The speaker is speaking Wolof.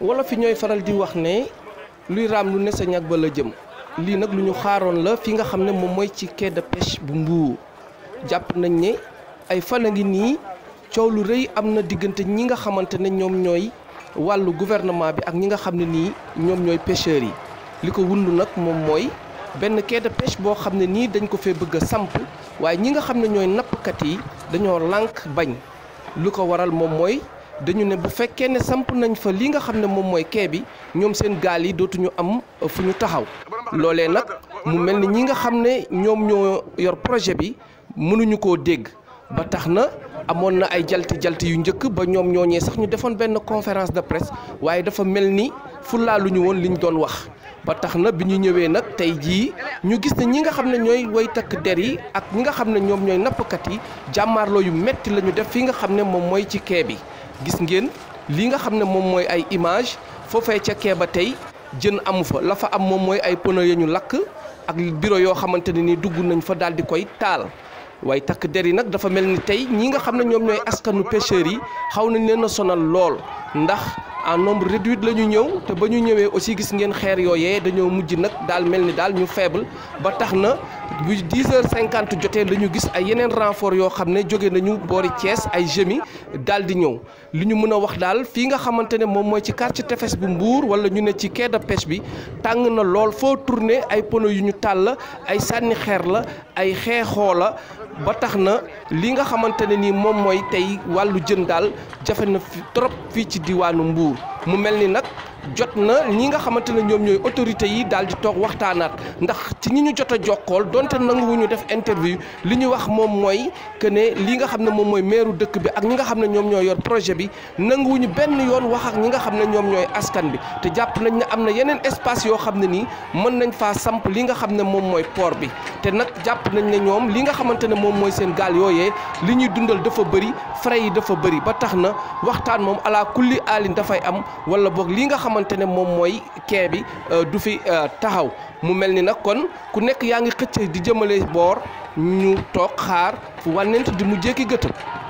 wala yi ñooy faral di wax ne luy raam lu ne sa ñag ba la jëm lii nag lu ñu xaaroon la fi nga xam ne moom mooy ci quai de bu Mbour jàpp nañ ne ay fan a ngi nii coow lu rëy am na diggante ñi nga xamante ne ñoom ñooy wàllu gouvernement bi ak ñi nga xam ne nii ñoom ñooy pêcheurs yi li ko wund nag moom mooy benn quai de pêche boo xam ne nii dañ ko fee bëgg a samp waaye ñi nga xam ne ñooy nappkat yi dañoo lànk bañ li ko waral moom mooy dañu ne bu fekkee ne samp nañ fa li nga xam ne moom mooy kee bi ñoom seen gaal yi dootuñu am euh, fu ñu taxaw loolee nag mu mel ni ñi nga xam ne ñoom ñoo yor projet bi mënuñu koo dégg ba tax na amoon na ay jalte jalte yu njëkk ba ñoom ñooñee sax ñu defoon benn conférence de presse waaye dafa mel ni fulaalu ñu woon liñ doon wax ba tax na bi ñu ñëwee nag tey jii ñu gis ne ñi nga xam ne ñooy woy takk der yi ak ñi nga xam ne ñoom ñooy nappkat yi jàmmaarloo yu metti la ñu def fi nga xam ne moom mooy ci quai bi gis ngeen lii nga xam ne moom mooy ay image foofee ca ba tey jën amu fa la fa am moom mooy ay pneu ya ñu lakk ak bureau yoo xamante ne ni dugg nañ fa daal di koy taal waaye takk der yi nag dafa mel ni tey ñi nga xam ne ñoom ñooy askanu pêcheurs yi xaw nañ leen sonal lool ndax en nombre réduit la ñu ñëw te ba ñu ñëwee aussi gis ngeen xeer yooye dañoo mujj nag daal mel ni daal ñu faible ba tax na bu 10 heures 50 jotee la gis ay yeneen renfort yoo xam ne jóge nañu boori cees ay gémi daal di ñëw li ñu mën a wax daal fii nga xamante ne moom mooy ci quartier tefes bu mbuur wala ñu ne ci quai de pêche bi tàng na lool foo tourné ay pono yu ñu tàll ay sànni xeer la ay xeexoo la ba tax na li nga xamante ne ni moom mooy tey wàllu jën daal jafe na trop fii ci diwaanu mbuur mu mel ni nag jot na ñi nga xamante ne ñoom ñooy autorité yi daal di toog waxtaanaat ndax ci ñi ñu jot a jokkool donte nanguwuñu def interview li ñu wax moom mooy que ne li nga xam ne moom mooy meeru dëkk bi ak ñi nga xam ne ñoom ñooy yor projet bi nanguwuñu benn yoon wax ak ñi nga xam ne ñoom ñooy askan bi te jàpp nañ ne am na yeneen espace yoo xam ne nii mën nañ faa samp li nga xam ne moom mooy port bi te nag jàpp nañ ne ñoom li nga xamante ne moom mooy seen gaal yooyee li ñuy dundal dafa bëri frais yi dafa bëri ba tax na waxtaan moom ala kulli aalin dafay am amante ne moom mooy quai bi euh, du fi euh, taxaw mu mel ni nag kon ku nekk yaa ngi xëcc di jëmale boor ñu toog xaar wànnent di mu jékki gëtëm